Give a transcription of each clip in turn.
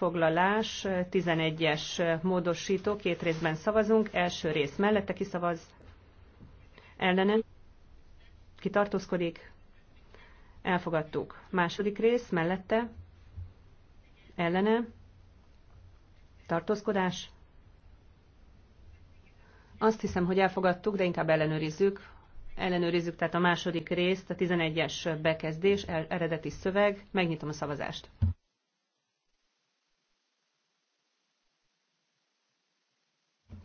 állásfoglalás 11-es módosító, két részben szavazunk, első rész mellette kiszavaz, ellene, kitartózkodik, elfogadtuk. Második rész mellette, ellene, tartózkodás, azt hiszem, hogy elfogadtuk, de inkább ellenőrizzük. Ellenőrizzük tehát a második részt, a 11-es bekezdés, eredeti szöveg. Megnyitom a szavazást.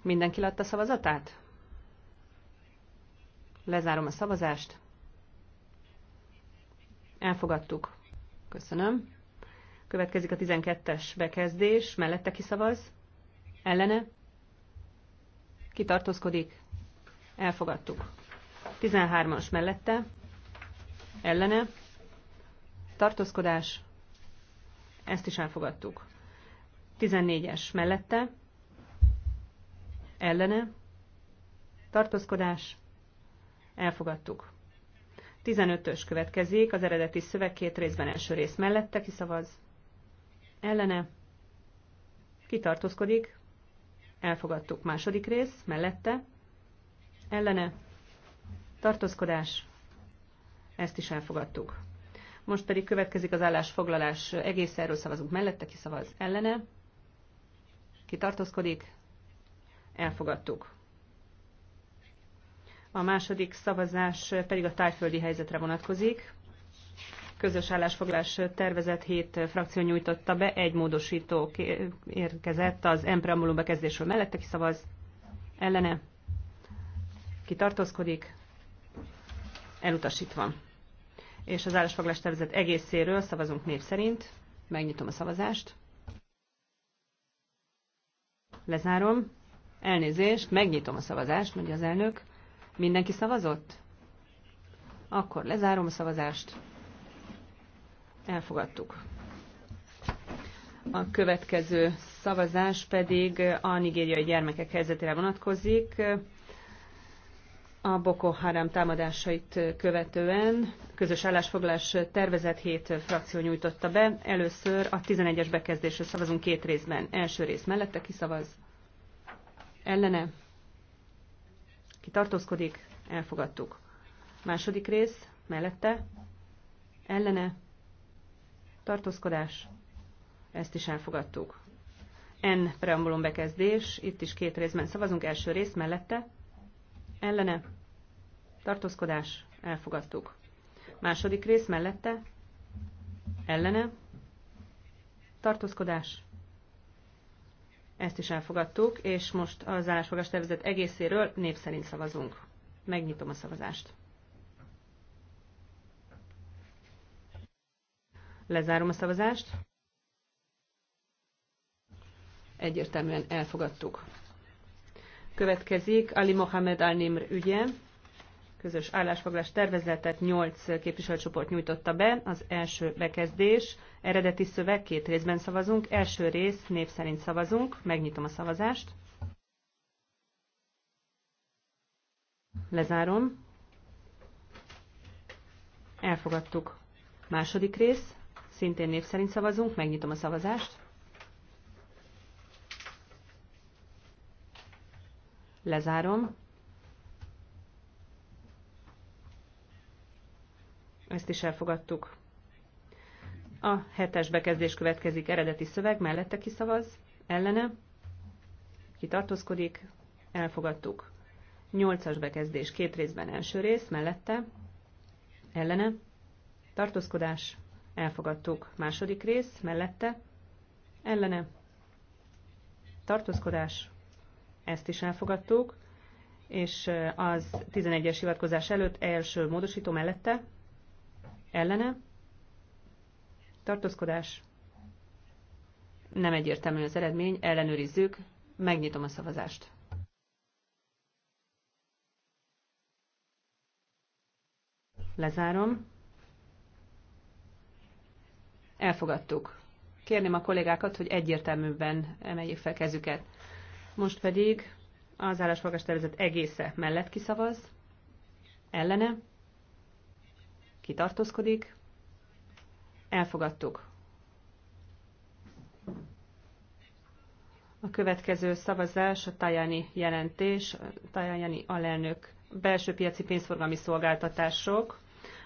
Mindenki látta szavazatát? Lezárom a szavazást. Elfogadtuk. Köszönöm. Következik a 12-es bekezdés. Mellette kiszavaz? Ellene? Kitartózkodik? Elfogadtuk. 13-as mellette? Ellene? Tartózkodás? Ezt is elfogadtuk. 14-es mellette? ellene, tartózkodás, elfogadtuk. 15-ös következik, az eredeti szöveg két részben első rész mellette kiszavaz, ellene, kitartózkodik, elfogadtuk második rész, mellette, ellene, tartózkodás, ezt is elfogadtuk. Most pedig következik az állásfoglalás egész erről szavazunk mellette, kiszavaz ellene, kitartózkodik, Elfogadtuk. A második szavazás pedig a tájföldi helyzetre vonatkozik. Közös állásfoglalás tervezet hét frakció nyújtotta be, egy módosító érkezett az empreambulum bekezdésről mellette, ki szavaz ellene, ki tartózkodik, elutasítva. És az állásfoglalás tervezet egészéről szavazunk név szerint. Megnyitom a szavazást. Lezárom. Elnézést, megnyitom a szavazást, mondja az elnök. Mindenki szavazott? Akkor lezárom a szavazást. Elfogadtuk. A következő szavazás pedig a nigériai gyermekek helyzetére vonatkozik. A Boko Haram támadásait követően közös állásfoglalás tervezet hét frakció nyújtotta be. Először a 11-es bekezdésre szavazunk két részben. Első rész mellette kiszavaz, ellene, ki tartózkodik, elfogadtuk. Második rész, mellette, ellene, tartózkodás, ezt is elfogadtuk. N preambulum bekezdés, itt is két részben szavazunk, első rész mellette, ellene, tartózkodás, elfogadtuk. Második rész mellette, ellene, tartózkodás, ezt is elfogadtuk, és most az állásfogás tervezet egészéről név szerint szavazunk. Megnyitom a szavazást. Lezárom a szavazást. Egyértelműen elfogadtuk. Következik Ali Mohamed Al-Nimr ügye közös állásfoglalás tervezetet 8 képviselőcsoport nyújtotta be. Az első bekezdés, eredeti szöveg, két részben szavazunk. Első rész, név szerint szavazunk. Megnyitom a szavazást. Lezárom. Elfogadtuk. Második rész, szintén név szerint szavazunk. Megnyitom a szavazást. Lezárom. Ezt is elfogadtuk. A hetes bekezdés következik eredeti szöveg, mellette kiszavaz, ellene, kitartózkodik, elfogadtuk. Nyolcas bekezdés két részben első rész, mellette, ellene, tartózkodás, elfogadtuk. Második rész, mellette, ellene, tartózkodás, ezt is elfogadtuk, és az 11-es hivatkozás előtt első módosító mellette, Ellene? Tartózkodás? Nem egyértelmű az eredmény, ellenőrizzük, megnyitom a szavazást. Lezárom. Elfogadtuk. Kérném a kollégákat, hogy egyértelműbben emeljék fel kezüket. Most pedig az állásfogás tervezet egésze mellett kiszavaz, ellene, ki tartózkodik. Elfogadtuk. A következő szavazás a Tajani jelentés, a Tajani alelnök belső piaci pénzforgalmi szolgáltatások,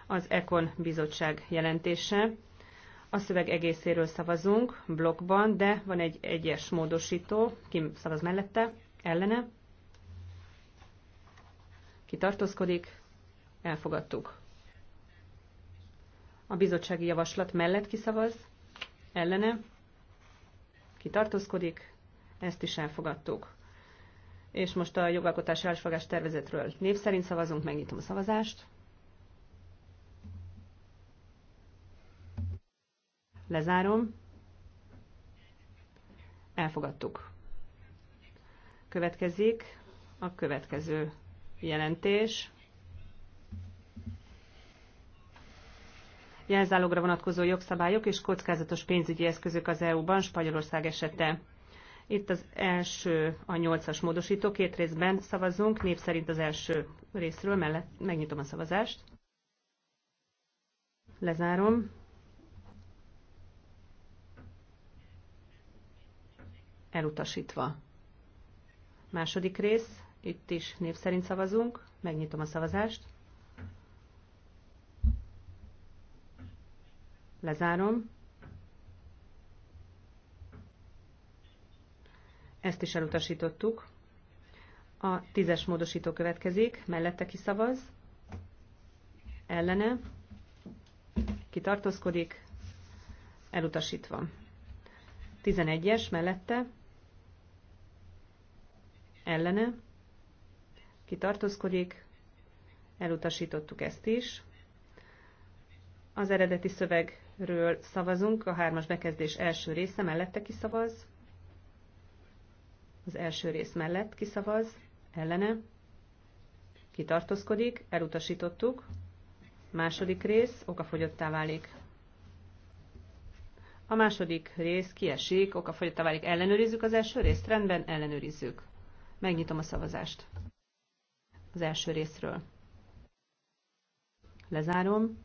az Ekon bizottság jelentése. A szöveg egészéről szavazunk blokkban, de van egy egyes módosító, ki szavaz mellette, ellene, ki tartózkodik, elfogadtuk. A bizottsági javaslat mellett kiszavaz, ellene, kitartózkodik, ezt is elfogadtuk. És most a jogalkotási állásfogás tervezetről név szerint szavazunk, megnyitom a szavazást. Lezárom. Elfogadtuk. Következik a következő jelentés. jelzálogra vonatkozó jogszabályok és kockázatos pénzügyi eszközök az EU-ban Spanyolország esete. Itt az első, a nyolcas módosító, két részben szavazzunk, név szerint az első részről, mellett megnyitom a szavazást. Lezárom. Elutasítva. Második rész, itt is név szerint szavazunk, megnyitom a szavazást. Lezárom. Ezt is elutasítottuk. A tízes módosító következik, mellette kiszavaz, ellene, kitartózkodik, elutasítva. 11-es mellette, ellene, kitartózkodik, elutasítottuk ezt is. Az eredeti szöveg ről szavazunk, a hármas bekezdés első része mellette kiszavaz, az első rész mellett kiszavaz, ellene, kitartozkodik, elutasítottuk, második rész okafogyottá válik. A második rész kiesik, okafogyottá válik, ellenőrizzük az első részt, rendben, ellenőrizzük. Megnyitom a szavazást. Az első részről. Lezárom.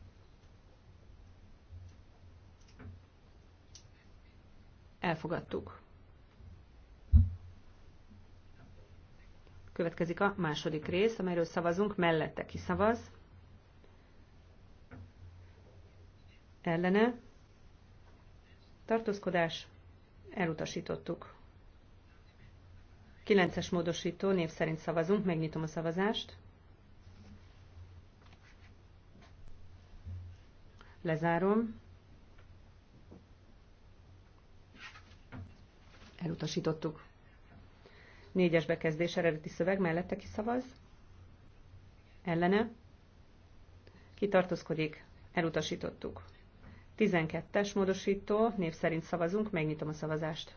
Elfogadtuk. Következik a második rész, amelyről szavazunk, mellette kiszavaz. Ellene. Tartózkodás. Elutasítottuk. 9-es módosító, név szerint szavazunk, megnyitom a szavazást. Lezárom. Elutasítottuk. Négyes bekezdés eredeti szöveg mellette kiszavaz. Ellene. Kitartozkodik. Elutasítottuk. 12-es módosító, név szerint szavazunk, megnyitom a szavazást.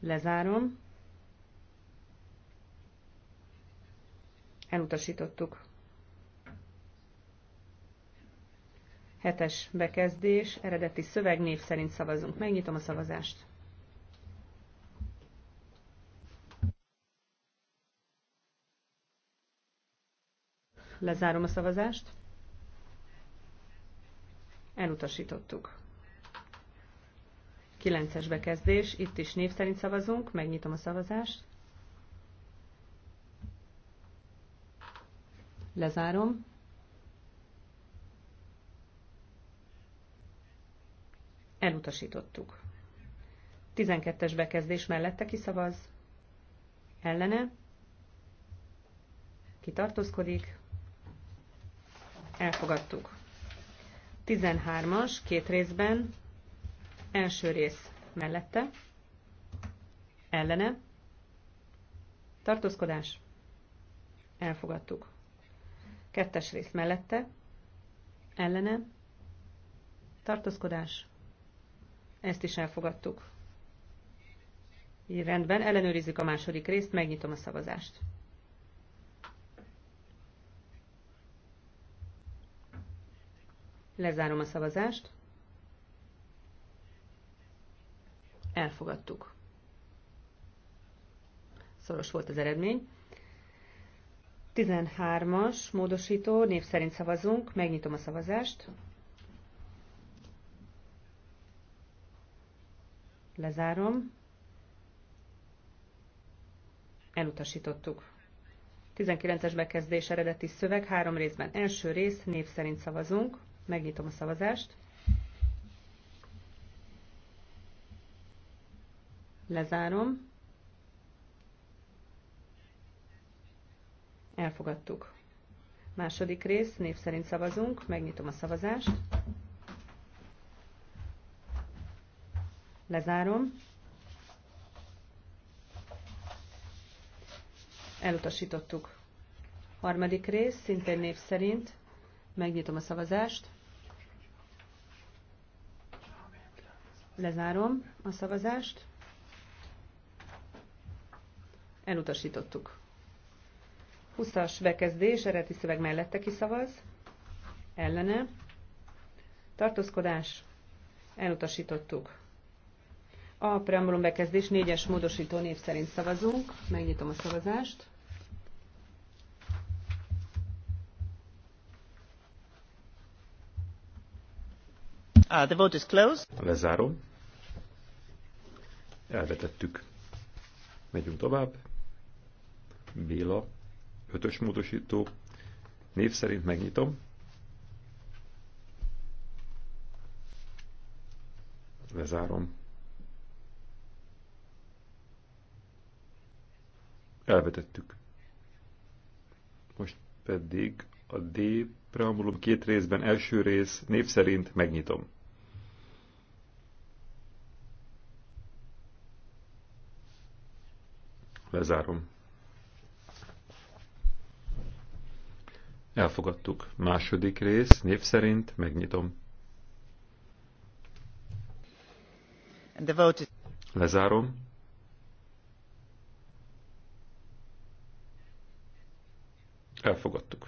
Lezárom. Elutasítottuk. Hetes bekezdés, eredeti szöveg, név szerint szavazunk. Megnyitom a szavazást. Lezárom a szavazást. Elutasítottuk. Kilences bekezdés, itt is név szerint szavazunk, megnyitom a szavazást. Lezárom. Elutasítottuk. 12-es bekezdés mellette kiszavaz. Ellene. Kitartózkodik. Elfogadtuk. 13-as, két részben. Első rész mellette. Ellene. Tartózkodás. Elfogadtuk. Kettes rész mellette. Ellene. Tartózkodás. Ezt is elfogadtuk. Így rendben, ellenőrizzük a második részt, megnyitom a szavazást. Lezárom a szavazást. Elfogadtuk. Szoros volt az eredmény. 13-as módosító, név szerint szavazunk, megnyitom a szavazást. Lezárom. Elutasítottuk. 19-es bekezdés eredeti szöveg, három részben. Első rész, név szerint szavazunk. Megnyitom a szavazást. Lezárom. Elfogadtuk. Második rész, név szerint szavazunk. Megnyitom a szavazást. Lezárom. Elutasítottuk. Harmadik rész, szintén név szerint. Megnyitom a szavazást. Lezárom a szavazást. Elutasítottuk. 20-as bekezdés, eredeti szöveg mellette kiszavaz. Ellene. Tartózkodás. Elutasítottuk. A preambulum bekezdés négyes módosító név szerint szavazunk. Megnyitom a szavazást. Ah, the vote is closed. Lezárom. Elvetettük. Megyünk tovább. Béla, ötös módosító. Név szerint megnyitom. Lezárom Elvetettük. Most pedig a D preambulum két részben első rész név szerint megnyitom. Lezárom. Elfogadtuk. Második rész név szerint megnyitom. Lezárom. Elfogadtuk.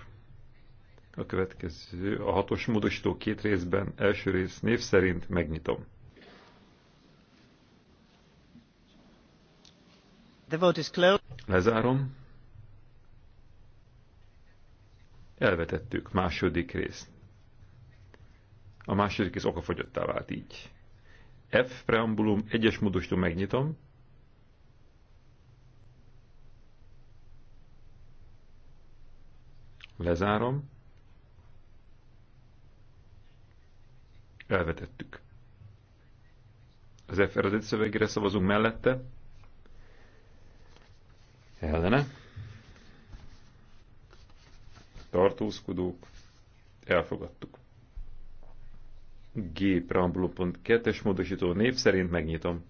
A következő, a hatos módosító két részben, első rész név szerint megnyitom. The vote is closed. Lezárom. Elvetettük második részt. A második rész okafogyottá vált így. F preambulum egyes módosító megnyitom. Lezárom. Elvetettük. Az F szövegére szavazunk mellette. Ellene. Tartózkodók. Elfogadtuk. G. es módosító név szerint megnyitom.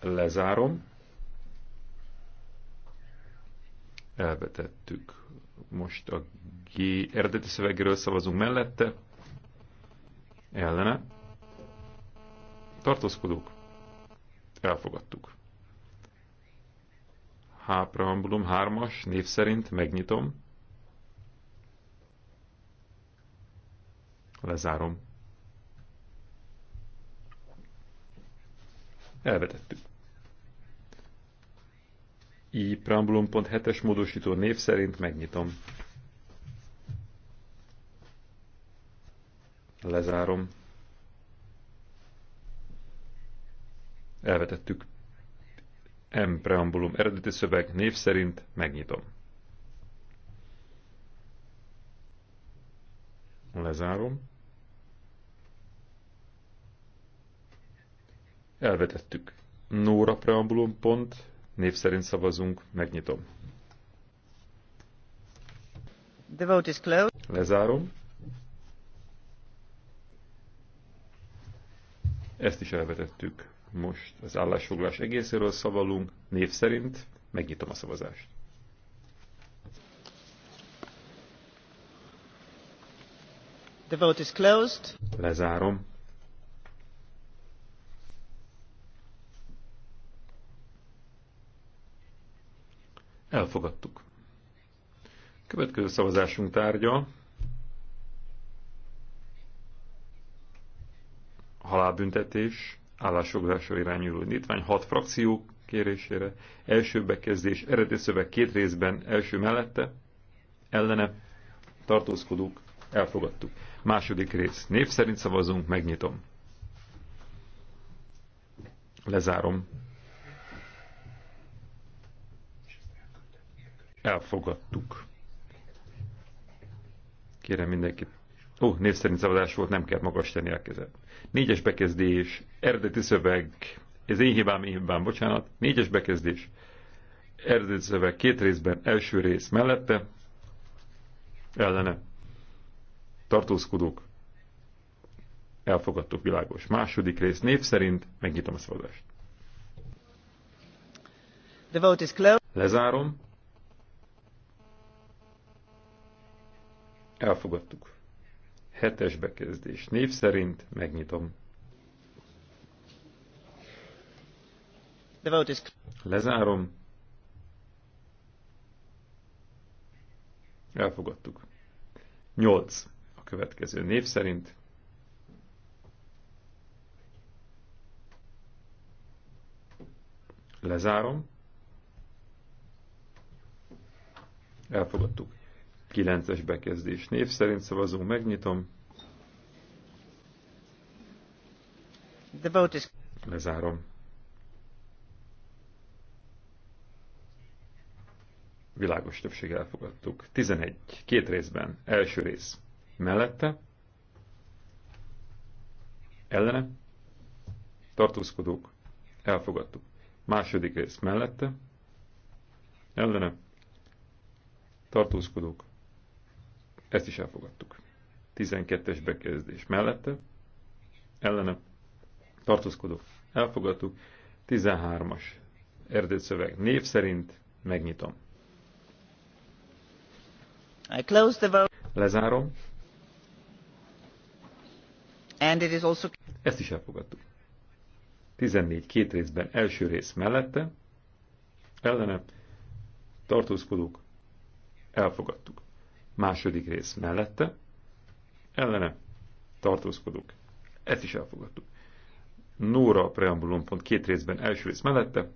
Lezárom. elvetettük. Most a G eredeti szövegéről szavazunk mellette, ellene, tartózkodók, elfogadtuk. H preambulum 3-as, név szerint megnyitom, lezárom. Elvetettük. I preambulum.7-es hetes módosító név szerint megnyitom. Lezárom. Elvetettük. M preambulum eredeti szöveg név szerint megnyitom. Lezárom. Elvetettük. Nóra preambulum pont Név szerint szavazunk, megnyitom. The vote is closed. Lezárom. Ezt is elvetettük. Most az állásfoglalás egészéről szavalunk, név szerint megnyitom a szavazást. The vote is closed. Lezárom. Elfogadtuk. Következő szavazásunk tárgya halálbüntetés, állásfoglalásra irányuló indítvány, hat frakció kérésére, első bekezdés, eredeti szöveg két részben, első mellette, ellene tartózkodók, elfogadtuk. Második rész, név szerint szavazunk, megnyitom. Lezárom. Elfogadtuk. Kérem mindenkit. Ó, név szerint szavazás volt, nem kell magas tenni a kezet. Négyes bekezdés, eredeti szöveg, ez én hibám, én hibám, bocsánat. Négyes bekezdés, eredeti szöveg két részben, első rész mellette, ellene. Tartózkodók. Elfogadtuk világos. Második rész név szerint megnyitom a szavazást. The vote is closed. Lezárom. Elfogadtuk. Hetes bekezdés. Név szerint megnyitom. The vote is... Lezárom. Elfogadtuk. Nyolc. A következő név szerint. Lezárom. Elfogadtuk. 9-es bekezdés. Név szerint szavazunk, megnyitom. The vote is... Lezárom. Világos többség elfogadtuk. 11. Két részben. Első rész. Mellette. Ellene. Tartózkodók. Elfogadtuk. Második rész. Mellette. Ellene. Tartózkodók ezt is elfogadtuk. 12-es bekezdés mellette, ellene tartózkodó. Elfogadtuk. 13-as erdőszöveg név szerint megnyitom. I close the vote. Lezárom. And it is also... Ezt is elfogadtuk. 14 két részben első rész mellette, ellene tartózkodók elfogadtuk. Második rész mellette, ellene tartózkodók. Ezt is elfogadtuk. Nóra preambulum pont két részben első rész mellette,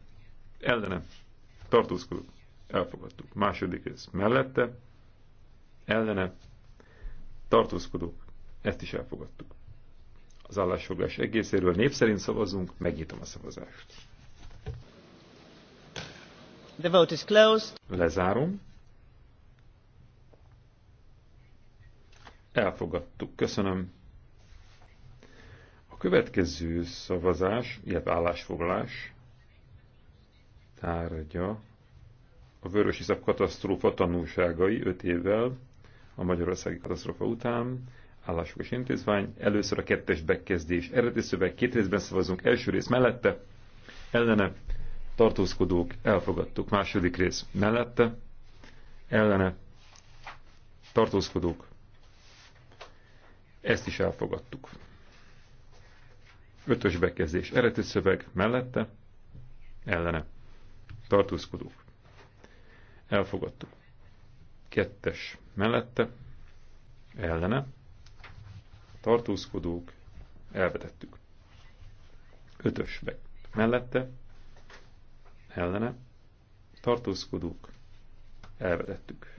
ellene tartózkodók. Elfogadtuk. Második rész mellette, ellene tartózkodók. Ezt is elfogadtuk. Az állásfoglás egészéről név szerint szavazunk, megnyitom a szavazást. The vote is closed. Lezárom. Elfogadtuk. Köszönöm. A következő szavazás, illetve állásfoglalás tárgya a vörös iszap katasztrófa tanulságai 5 évvel a magyarországi katasztrófa után állásfoglalás intézvány. Először a kettes bekezdés. Eredeti szöveg két részben szavazunk. Első rész mellette, ellene tartózkodók elfogadtuk. Második rész mellette, ellene tartózkodók ezt is elfogadtuk. Ötös bekezdés. Eredeti szöveg mellette, ellene. Tartózkodók. Elfogadtuk. Kettes mellette, ellene. Tartózkodók. Elvetettük. Ötös be. Mellette, ellene. Tartózkodók. Elvetettük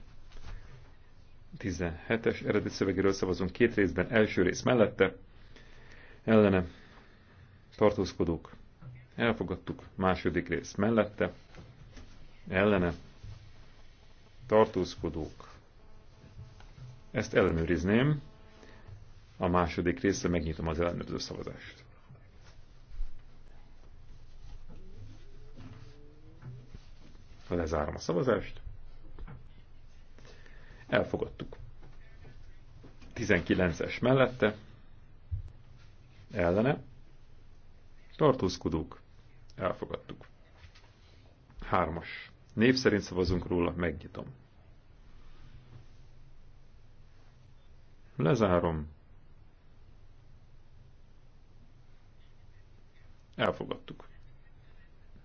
17-es eredeti szövegéről szavazunk két részben, első rész mellette, ellene tartózkodók, elfogadtuk, második rész mellette, ellene tartózkodók. Ezt ellenőrizném, a második része megnyitom az ellenőrző szavazást. Lezárom a szavazást. Elfogadtuk. 19-es mellette, ellene, tartózkodók, elfogadtuk. Hármas. Név szerint szavazunk róla, megnyitom. Lezárom. Elfogadtuk.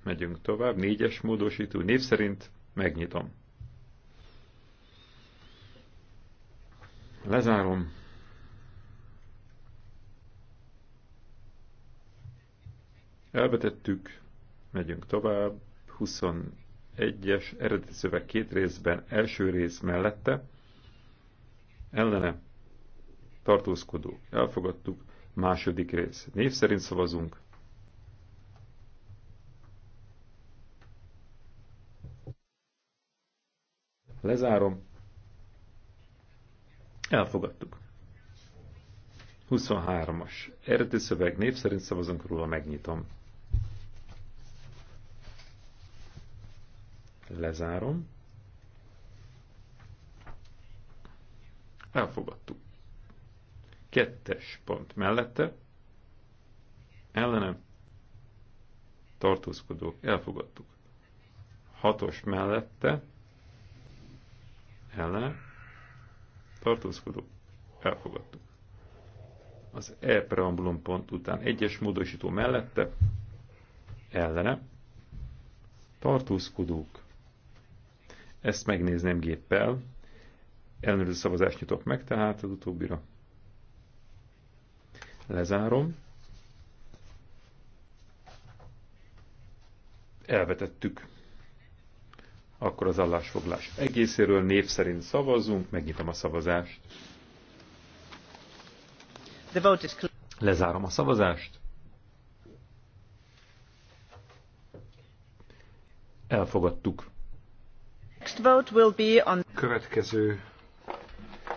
Megyünk tovább. Négyes módosító. Név szerint megnyitom. Lezárom. Elvetettük, megyünk tovább. 21-es eredeti szöveg két részben, első rész mellette. Ellene tartózkodó. Elfogadtuk. Második rész. Név szerint szavazunk. Lezárom. Elfogadtuk. 23-as. Eredeti szöveg név szerint szavazunk róla, megnyitom. Lezárom. Elfogadtuk. Kettes pont mellette. Ellenem. Tartózkodók. Elfogadtuk. Hatos mellette. Ellene tartózkodók, elfogadtuk. Az E preambulum pont után egyes módosító mellette, ellene, tartózkodók, ezt megnézném géppel, ellenőrző szavazást nyitok meg, tehát az utóbbira lezárom. Elvetettük akkor az állásfoglás egészéről név szerint szavazunk, megnyitom a szavazást. Lezárom a szavazást. Elfogadtuk. Következő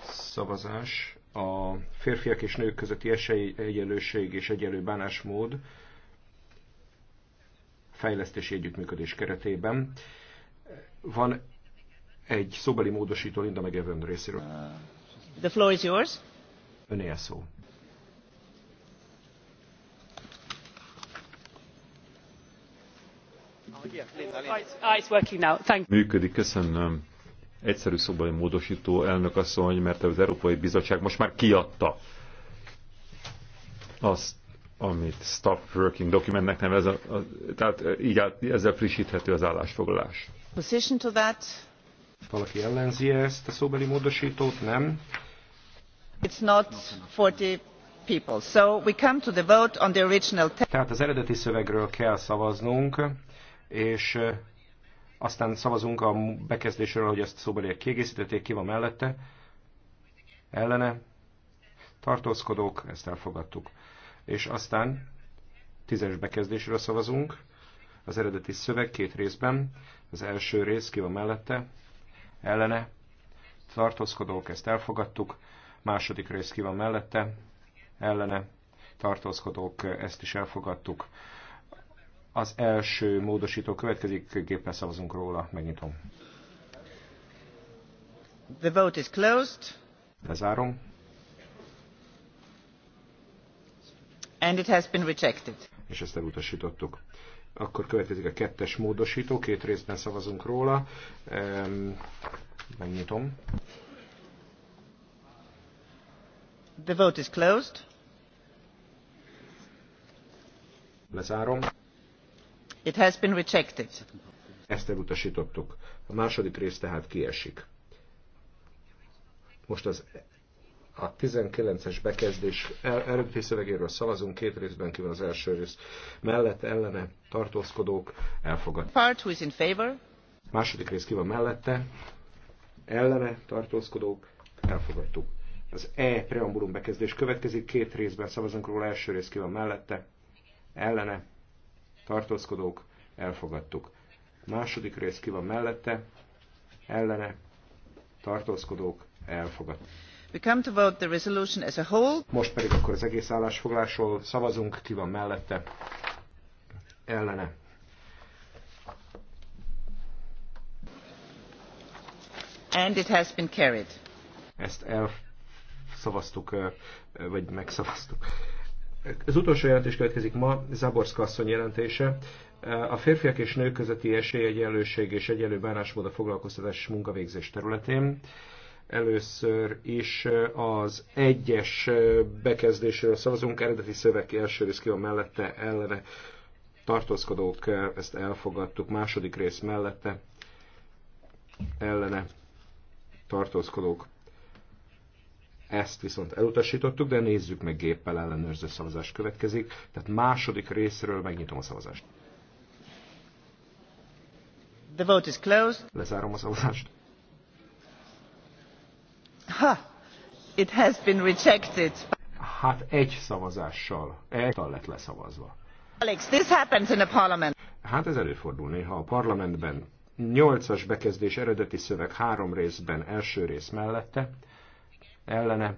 szavazás a férfiak és nők közötti egyenlőség és egyenlő bánásmód fejlesztési együttműködés keretében. Van egy szóbeli módosító Linda McEwen részéről. The floor is yours. Öné a szó. Oh, Működik, köszönöm. Egyszerű szóbeli módosító elnök asszony, mert az Európai Bizottság most már kiadta azt, amit stop Working Documentnek nevez, a, a, tehát így át, ezzel frissíthető az állásfoglalás. Position to that. Valaki ellenzi -e ezt a szóbeli módosítót, nem? It's not 40 people. So we come to the vote on the original text. Tehát az eredeti szövegről kell szavaznunk, és eh, aztán szavazunk a bekezdésről, hogy ezt szóbeliek kiegészítették, ki van mellette, ellene, tartózkodók, ezt elfogadtuk és aztán tízes bekezdésről szavazunk, az eredeti szöveg két részben, az első rész ki van mellette, ellene, tartózkodók, ezt elfogadtuk, második rész ki van mellette, ellene, tartózkodók, ezt is elfogadtuk. Az első módosító következik, géppel szavazunk róla, megnyitom. The vote is closed. Lezárom. And it has been rejected. És ezt elutasítottuk. Akkor következik a kettes módosító, két részben szavazunk róla. Um, megnyitom. The vote is closed. Lezárom. It has been rejected. Ezt elutasítottuk. A második rész tehát kiesik. Most az a 19-es bekezdés eredeti szövegéről szavazunk, két részben kívül az első rész. Mellett ellene tartózkodók elfogad. Part who is in favor. Második rész ki van mellette. Ellene tartózkodók elfogadtuk. Az E preambulum bekezdés következik, két részben szavazunk róla, első rész ki van mellette. Ellene tartózkodók elfogadtuk. Második rész ki van mellette, ellene tartózkodók elfogadtuk. We come to vote the resolution as a whole. Most pedig akkor az egész állásfoglásról szavazunk, ki van mellette, ellene. And it has been carried. Ezt elszavaztuk, vagy megszavaztuk. Az utolsó jelentés következik ma, Zaborszka asszony jelentése. A férfiak és nők közötti esélyegyenlőség és egyenlő bánásmód a foglalkoztatás munkavégzés területén. Először is az egyes bekezdésről szavazunk, eredeti szöveg első rész ki van mellette, ellene tartózkodók, ezt elfogadtuk, második rész mellette, ellene tartózkodók. Ezt viszont elutasítottuk, de nézzük meg géppel ellenőrző szavazás következik. Tehát második részről megnyitom a szavazást. The vote is closed. Lezárom a szavazást. Ha, it has been rejected. Hát egy szavazással, egy lett leszavazva. Alex, this happens in a parliament. Hát ez előfordul néha a parlamentben. Nyolcas bekezdés eredeti szöveg három részben, első rész mellette, ellene,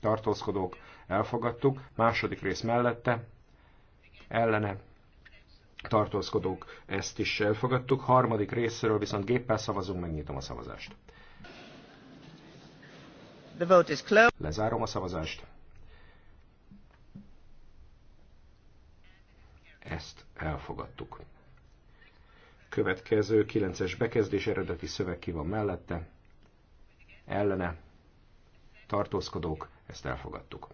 tartózkodók, elfogadtuk, második rész mellette, ellene, tartózkodók, ezt is elfogadtuk, harmadik részről viszont géppel szavazunk, megnyitom a szavazást. The vote is closed. Lezárom a szavazást. Ezt elfogadtuk. Következő 9-es bekezdés eredeti szöveg ki van mellette. Ellene. Tartózkodók. Ezt elfogadtuk.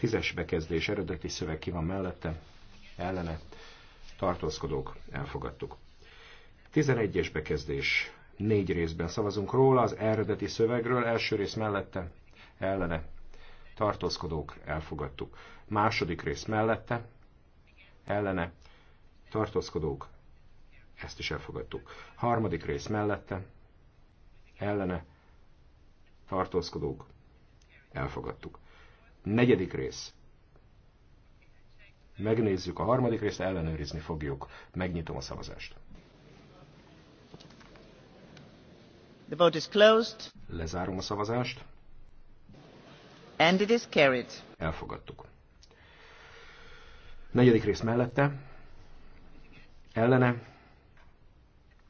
10-es bekezdés eredeti szöveg ki van mellette. Ellene. Tartózkodók. Elfogadtuk. 11-es bekezdés Négy részben szavazunk róla, az eredeti szövegről, első rész mellette, ellene, tartózkodók, elfogadtuk. Második rész mellette, ellene, tartózkodók, ezt is elfogadtuk. Harmadik rész mellette, ellene, tartózkodók, elfogadtuk. Negyedik rész. Megnézzük a harmadik részt, ellenőrizni fogjuk. Megnyitom a szavazást. The vote is closed. Lezárom a szavazást. And it is carried. Elfogadtuk. Negyedik rész mellette. Ellene.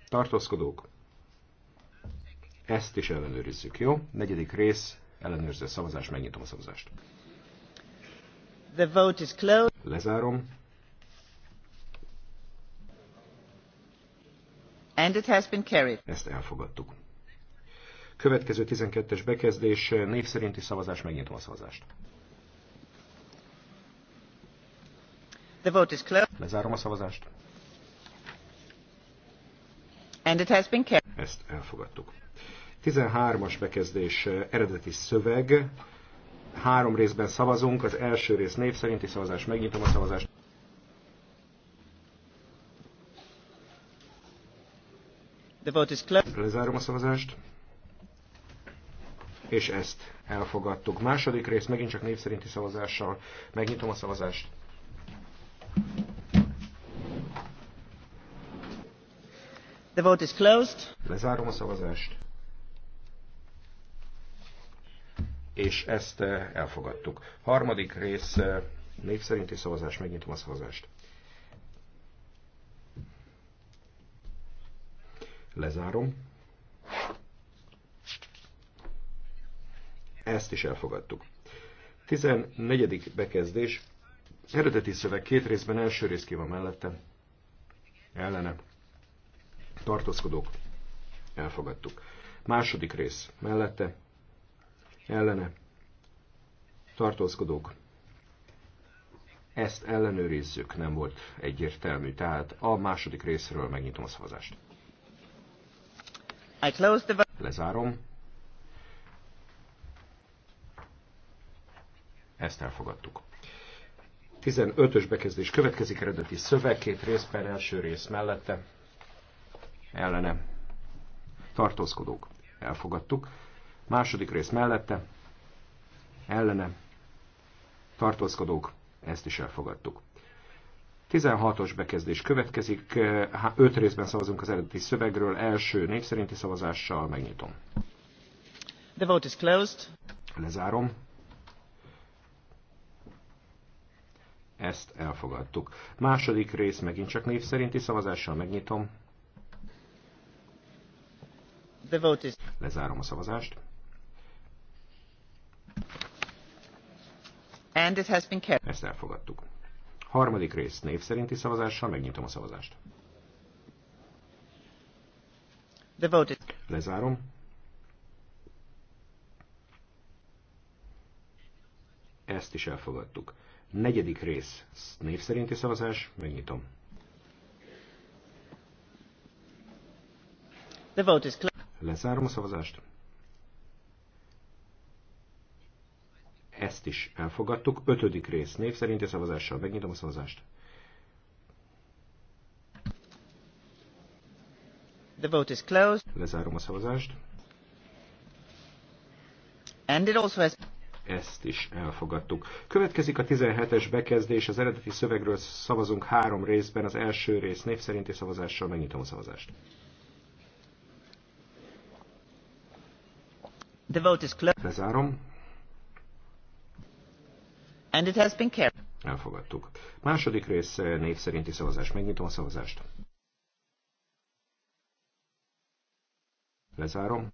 Tartózkodók. Ezt is ellenőrizzük, jó? Negyedik rész, ellenőrző szavazás, megnyitom a szavazást. The vote is closed. Lezárom. And it has been carried. Ezt elfogadtuk. Következő 12-es bekezdés, név szerinti szavazás, megnyitom a szavazást. The vote is closed. Lezárom a szavazást. And it has been carried. Ezt elfogadtuk. 13-as bekezdés eredeti szöveg. Három részben szavazunk. Az első rész név szerinti szavazás. Megnyitom a szavazást. The vote is closed. Lezárom a szavazást és ezt elfogadtuk. Második rész megint csak népszerinti szavazással. Megnyitom a szavazást. The vote is closed. Lezárom a szavazást. És ezt eh, elfogadtuk. Harmadik rész eh, népszerinti szavazás. Megnyitom a szavazást. Lezárom. Ezt is elfogadtuk. 14. bekezdés. Eredeti szöveg két részben, első rész ki van mellette. Ellene. Tartózkodók. Elfogadtuk. Második rész mellette. Ellene. Tartózkodók. Ezt ellenőrizzük, nem volt egyértelmű. Tehát a második részről megnyitom a szavazást. Lezárom. Ezt elfogadtuk. 15-ös bekezdés következik eredeti szöveg, két részben, első rész mellette, ellene, tartózkodók, elfogadtuk. Második rész mellette, ellene, tartózkodók, ezt is elfogadtuk. 16-os bekezdés következik, Öt részben szavazunk az eredeti szövegről, első népszerinti szavazással megnyitom. The vote is closed. Lezárom. ezt elfogadtuk. Második rész megint csak név szerinti szavazással megnyitom. The vote is... Lezárom a szavazást. And it has been carried. Ezt elfogadtuk. Harmadik rész név szerinti szavazással megnyitom a szavazást. The vote is... Lezárom. Ezt is elfogadtuk. Negyedik rész. Név szerinti szavazás. Megnyitom. The vote is Lezárom a szavazást. Ezt is elfogadtuk. Ötödik rész. Név szerinti szavazással. Megnyitom a szavazást. The vote is closed. Lezárom a szavazást. And it also has ezt is elfogadtuk. Következik a 17-es bekezdés, az eredeti szövegről szavazunk három részben, az első rész név szerinti szavazással megnyitom a szavazást. The vote is closed. Lezárom. And it has been carried. Elfogadtuk. Második rész eh, név szerinti szavazás. Megnyitom a szavazást. Lezárom.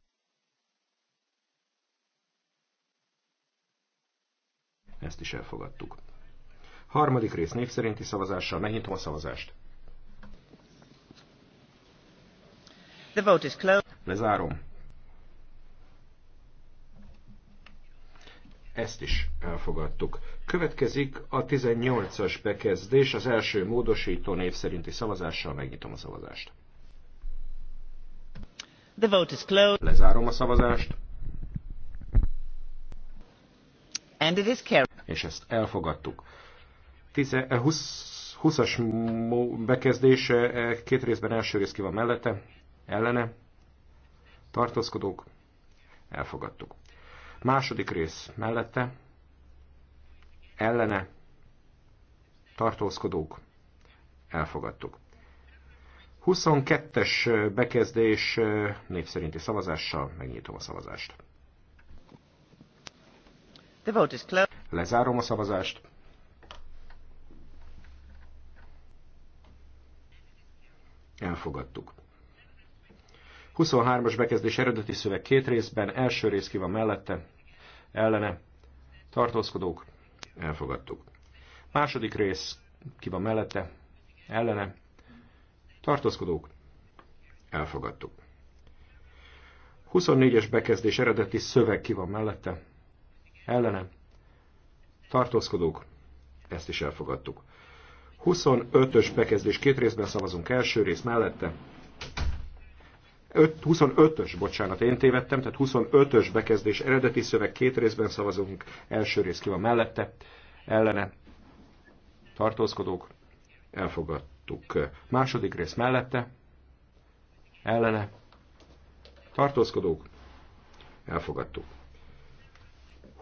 Ezt is elfogadtuk. Harmadik rész név szerinti szavazással megnyitom a szavazást. The vote is closed. Lezárom. Ezt is elfogadtuk. Következik a 18-as bekezdés, az első módosító név szerinti szavazással megnyitom a szavazást. The vote is closed. Lezárom a szavazást. And it is carried és ezt elfogadtuk. 20-as eh, bekezdése eh, két részben első rész ki van mellette, ellene, tartózkodók, elfogadtuk. Második rész mellette, ellene, tartózkodók, elfogadtuk. 22-es eh, bekezdés népszerinti szavazással megnyitom a szavazást. The vote is closed. Lezárom a szavazást. Elfogadtuk. 23-as bekezdés eredeti szöveg két részben, első rész ki van mellette, ellene, tartózkodók, elfogadtuk. Második rész ki van mellette, ellene, tartózkodók, elfogadtuk. 24-es bekezdés eredeti szöveg ki van mellette, ellene, tartózkodók, ezt is elfogadtuk. 25-ös bekezdés két részben szavazunk első rész mellette. 25-ös, bocsánat, én tévedtem, tehát 25-ös bekezdés eredeti szöveg két részben szavazunk, első rész ki van mellette, ellene, tartózkodók, elfogadtuk. Második rész mellette, ellene, tartózkodók, elfogadtuk.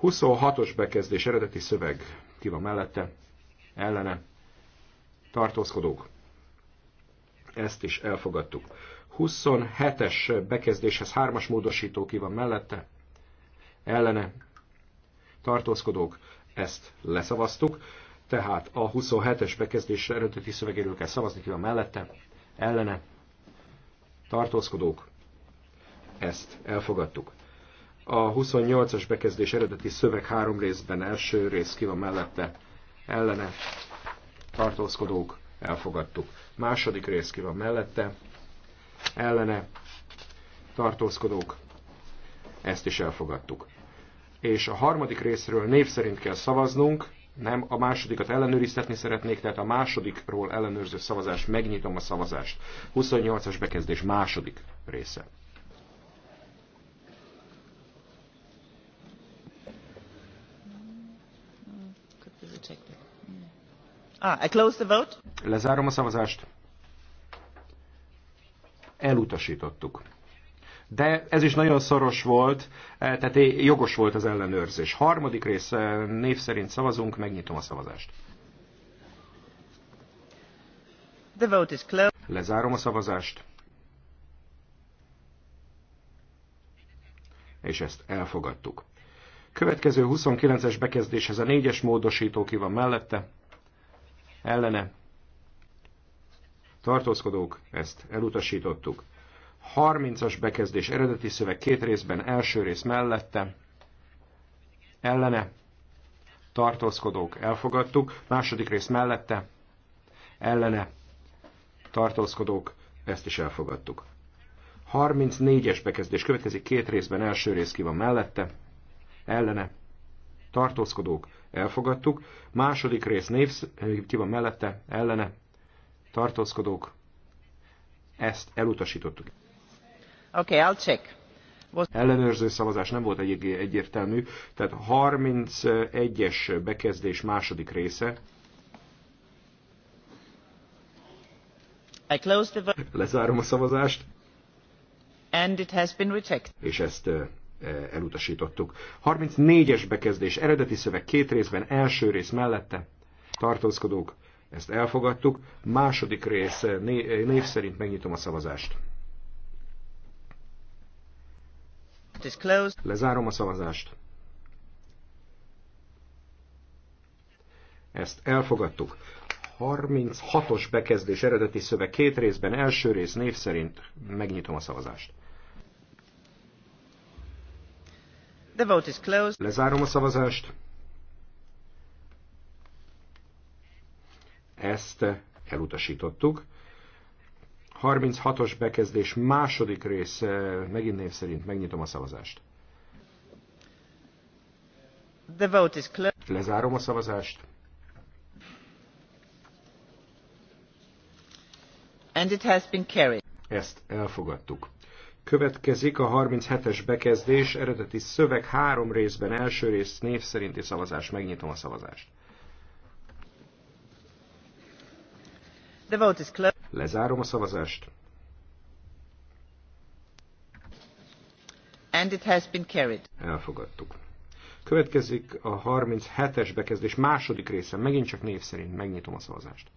26-os bekezdés eredeti szöveg. Ki van mellette? Ellene. Tartózkodók. Ezt is elfogadtuk. 27-es bekezdéshez hármas módosító ki van mellette? Ellene. Tartózkodók. Ezt leszavaztuk. Tehát a 27-es bekezdés eredeti szövegéről kell szavazni ki van mellette? Ellene. Tartózkodók. Ezt elfogadtuk. A 28-as bekezdés eredeti szöveg három részben, első rész ki van mellette, ellene, tartózkodók, elfogadtuk. Második rész ki van mellette, ellene, tartózkodók, ezt is elfogadtuk. És a harmadik részről név szerint kell szavaznunk, nem, a másodikat ellenőriztetni szeretnék, tehát a másodikról ellenőrző szavazást, megnyitom a szavazást. 28-as bekezdés második része. Ah, I close the vote. Lezárom a szavazást. Elutasítottuk. De ez is nagyon szoros volt, eh, tehát jogos volt az ellenőrzés. Harmadik rész név szerint szavazunk, megnyitom a szavazást. The vote is closed. Lezárom a szavazást. És ezt elfogadtuk. Következő 29-es bekezdéshez a 4-es módosító ki van mellette, ellene. Tartózkodók, ezt elutasítottuk. 30-as bekezdés eredeti szöveg két részben, első rész mellette, ellene, tartózkodók, elfogadtuk, második rész mellette, ellene, tartózkodók, ezt is elfogadtuk. 34-es bekezdés következik két részben, első rész ki van mellette, ellene tartózkodók elfogadtuk. Második rész név, ki van mellette, ellene tartózkodók, ezt elutasítottuk. Oké, okay, I'll check. Ellenőrző szavazás nem volt egy, egyértelmű, tehát 31-es bekezdés második része. I the Lezárom a szavazást. And it has been rejected. És ezt eh, Eh, elutasítottuk. 34-es bekezdés eredeti szöveg két részben, első rész mellette tartózkodók, ezt elfogadtuk. Második rész eh, eh, név szerint megnyitom a szavazást. Lezárom a szavazást. Ezt elfogadtuk. 36-os bekezdés eredeti szöveg két részben, első rész név szerint megnyitom a szavazást. The vote is closed. Lezárom a szavazást. Ezt elutasítottuk. 36-os bekezdés második rész, megint név szerint megnyitom a szavazást. The vote is closed. Lezárom a szavazást. And it has been carried. Ezt elfogadtuk. Következik a 37-es bekezdés, eredeti szöveg három részben, első rész név szerinti szavazás. Megnyitom a szavazást. The vote is Lezárom a szavazást. And it has been carried. Elfogadtuk. Következik a 37-es bekezdés második része, megint csak név szerint megnyitom a szavazást.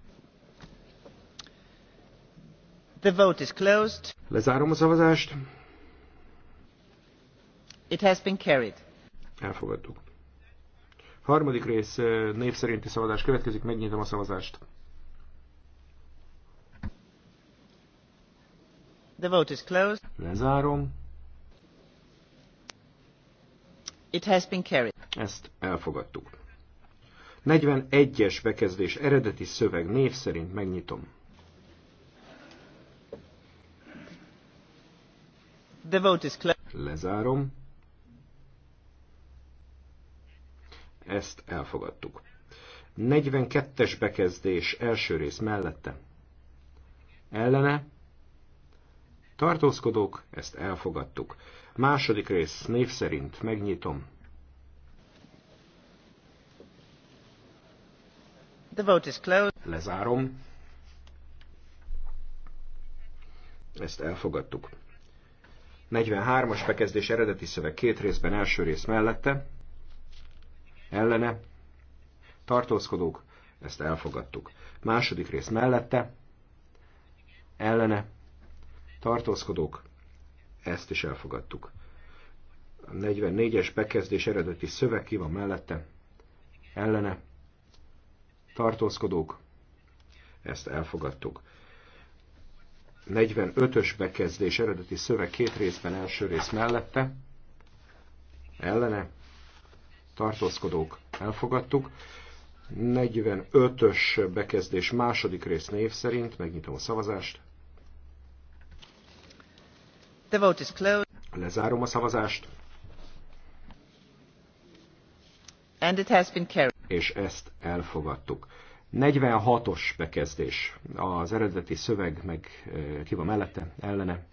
The vote is closed. Lezárom a szavazást. It has been carried. Elfogadtuk. Harmadik rész eh, név szerinti szavazás következik, megnyitom a szavazást. The vote is closed. Lezárom. It has been carried. Ezt elfogadtuk. 41-es bekezdés eredeti szöveg név szerint megnyitom. The vote is closed. Lezárom. Ezt elfogadtuk. 42-es bekezdés első rész mellette. Ellene. Tartózkodók, ezt elfogadtuk. Második rész név szerint megnyitom. The vote is closed. Lezárom. Ezt elfogadtuk. 43-as bekezdés eredeti szöveg két részben első rész mellette, ellene, tartózkodók, ezt elfogadtuk. Második rész mellette, ellene, tartózkodók, ezt is elfogadtuk. A 44-es bekezdés eredeti szöveg ki van mellette, ellene, tartózkodók, ezt elfogadtuk. 45-ös bekezdés eredeti szöveg két részben első rész mellette, ellene, tartózkodók elfogadtuk. 45-ös bekezdés második rész név szerint, megnyitom a szavazást. The vote is closed. Lezárom a szavazást. And it has been carried. És ezt elfogadtuk. 46-os bekezdés. Az eredeti szöveg meg ki van mellette, ellene.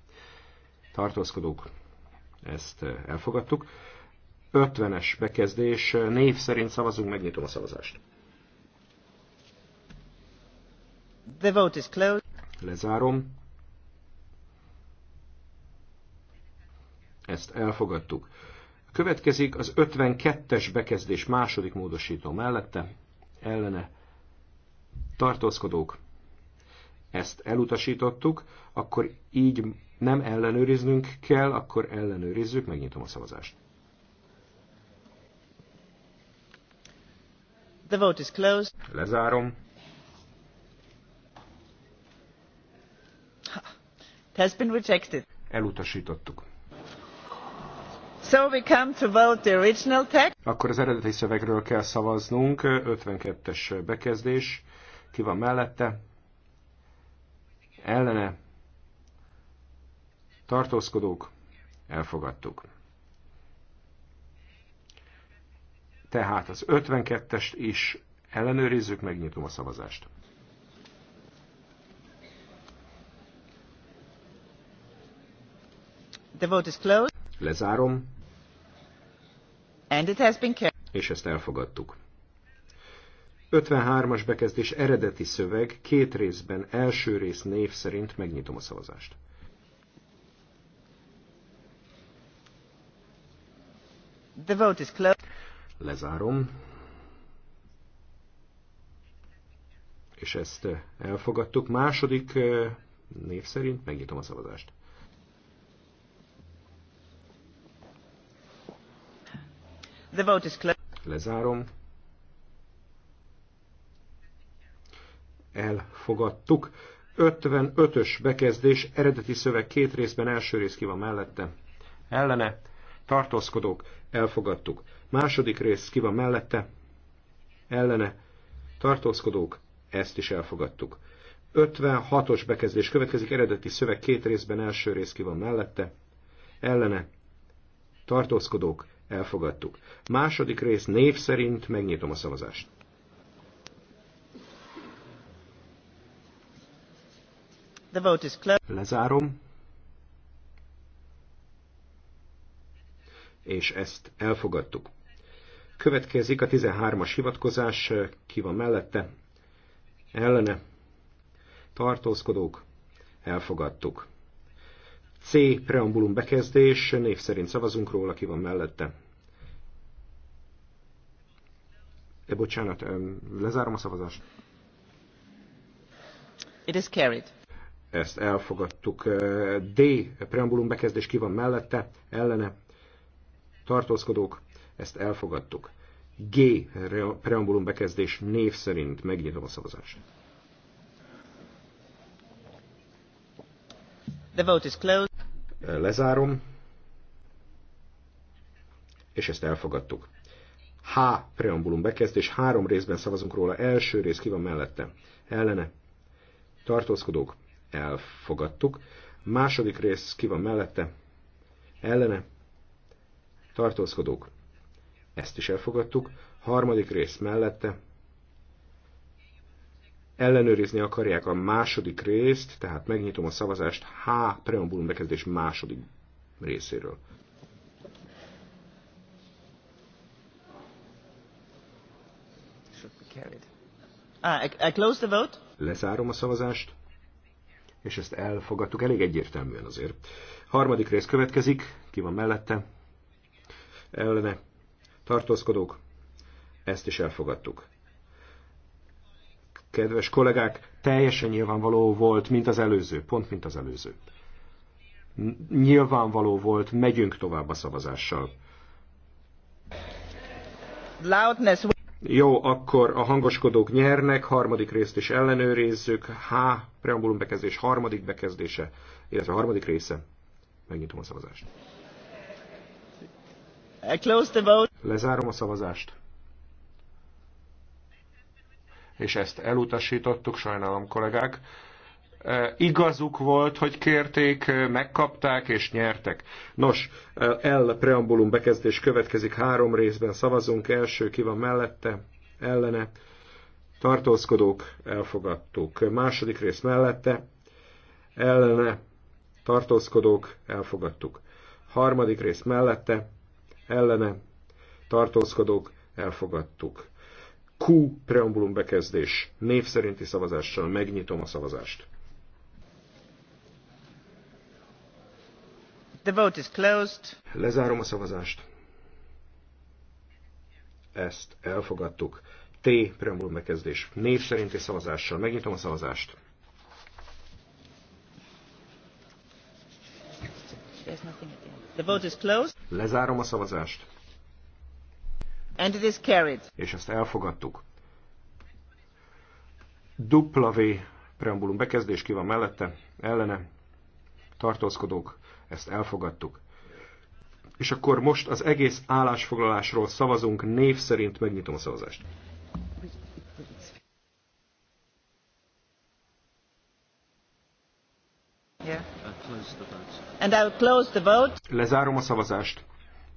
Tartózkodók, ezt elfogadtuk. 50-es bekezdés, név szerint szavazunk, megnyitom a szavazást. The vote is closed. Lezárom. Ezt elfogadtuk. Következik az 52-es bekezdés második módosító mellette, ellene tartózkodók. Ezt elutasítottuk, akkor így nem ellenőriznünk kell, akkor ellenőrizzük, megnyitom a szavazást. The vote is closed. Lezárom. It has been rejected. Elutasítottuk. So we come to vote the original text. Akkor az eredeti szövegről kell szavaznunk, 52-es bekezdés ki van mellette, ellene, tartózkodók, elfogadtuk. Tehát az 52-est is ellenőrizzük, megnyitom a szavazást. The vote is closed. Lezárom. And it has been és ezt elfogadtuk. 53-as bekezdés eredeti szöveg két részben, első rész név szerint megnyitom a szavazást. The vote is closed. Lezárom. És ezt eh, elfogadtuk. Második eh, név szerint megnyitom a szavazást. The vote is closed. Lezárom. elfogadtuk. 55-ös bekezdés, eredeti szöveg két részben, első rész ki van mellette, ellene, tartózkodók, elfogadtuk. Második rész ki van mellette, ellene, tartózkodók, ezt is elfogadtuk. 56-os bekezdés következik, eredeti szöveg két részben, első rész ki van mellette, ellene, tartózkodók, elfogadtuk. Második rész név szerint megnyitom a szavazást. The vote is closed. Lezárom. És ezt elfogadtuk. Következik a 13-as hivatkozás, ki van mellette, ellene, tartózkodók, elfogadtuk. C. Preambulum bekezdés, név szerint szavazunk róla, ki van mellette. E, bocsánat, lezárom a szavazást. It is carried ezt elfogadtuk. D. Preambulum bekezdés ki van mellette, ellene, tartózkodók, ezt elfogadtuk. G. Preambulum bekezdés név szerint megnyitom a szavazást. The vote is closed. Lezárom, és ezt elfogadtuk. H. Preambulum bekezdés, három részben szavazunk róla, első rész ki van mellette, ellene, tartózkodók, elfogadtuk. Második rész ki van mellette, ellene, tartózkodók, ezt is elfogadtuk. Harmadik rész mellette, ellenőrizni akarják a második részt, tehát megnyitom a szavazást H preambulum bekezdés második részéről. Ah, I, I close the vote. Lezárom a szavazást és ezt elfogadtuk elég egyértelműen azért. Harmadik rész következik, ki van mellette, ellene, tartózkodók, ezt is elfogadtuk. Kedves kollégák, teljesen nyilvánvaló volt, mint az előző, pont mint az előző. Nyilvánvaló volt, megyünk tovább a szavazással. Loudness jó, akkor a hangoskodók nyernek, harmadik részt is ellenőrizzük. H, preambulum bekezdés harmadik bekezdése, illetve harmadik része. Megnyitom a szavazást. I close the vote. Lezárom a szavazást. És ezt elutasítottuk, sajnálom kollégák igazuk volt, hogy kérték, megkapták és nyertek. Nos, el preambulum bekezdés következik három részben, szavazunk, első ki van mellette, ellene, tartózkodók, elfogadtuk. Második rész mellette, ellene, tartózkodók, elfogadtuk. Harmadik rész mellette, ellene, tartózkodók, elfogadtuk. Q preambulum bekezdés. Név szerinti szavazással megnyitom a szavazást. The vote is closed. Lezárom a szavazást. Ezt elfogadtuk. T. Preambul megkezdés. Név szerinti szavazással. Megnyitom a szavazást. The vote is closed. Lezárom a szavazást. And it is carried. És ezt elfogadtuk. V. preambulum bekezdés ki van mellette, ellene, tartózkodók, ezt elfogadtuk. És akkor most az egész állásfoglalásról szavazunk, név szerint megnyitom a szavazást. And I'll close the vote. Lezárom a szavazást,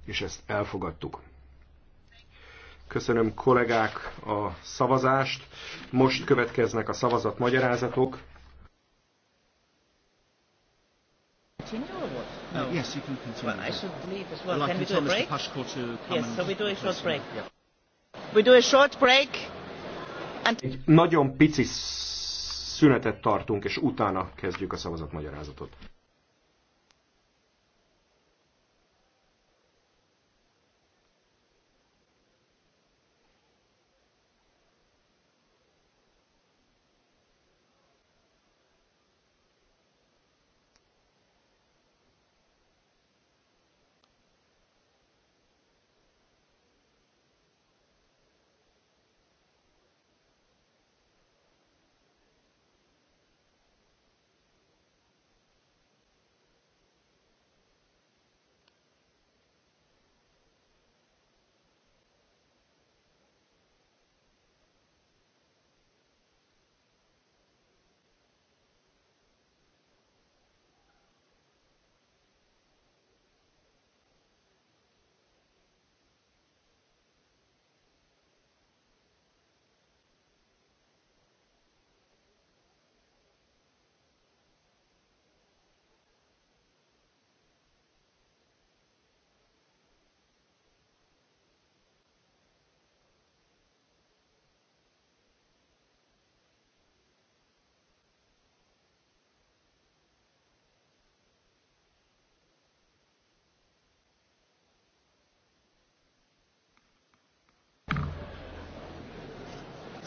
és ezt elfogadtuk. Köszönöm kollégák a szavazást. Most következnek a szavazat magyarázatok. Continue. No. Uh, yes, you can continue. Well, I should leave as well. well can we do a break? yes, so we do a short break. Yeah. We do a short break. And... Egy nagyon pici szünetet tartunk, és utána kezdjük a szavazatmagyarázatot.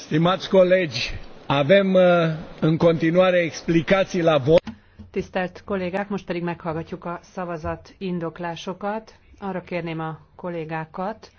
Stimați colegi, avem uh, în continuare explicații la vot. Tisztelt kollégák, most pedig meghallgatjuk a szavazat indoklásokat. Arra kérném a kollégákat,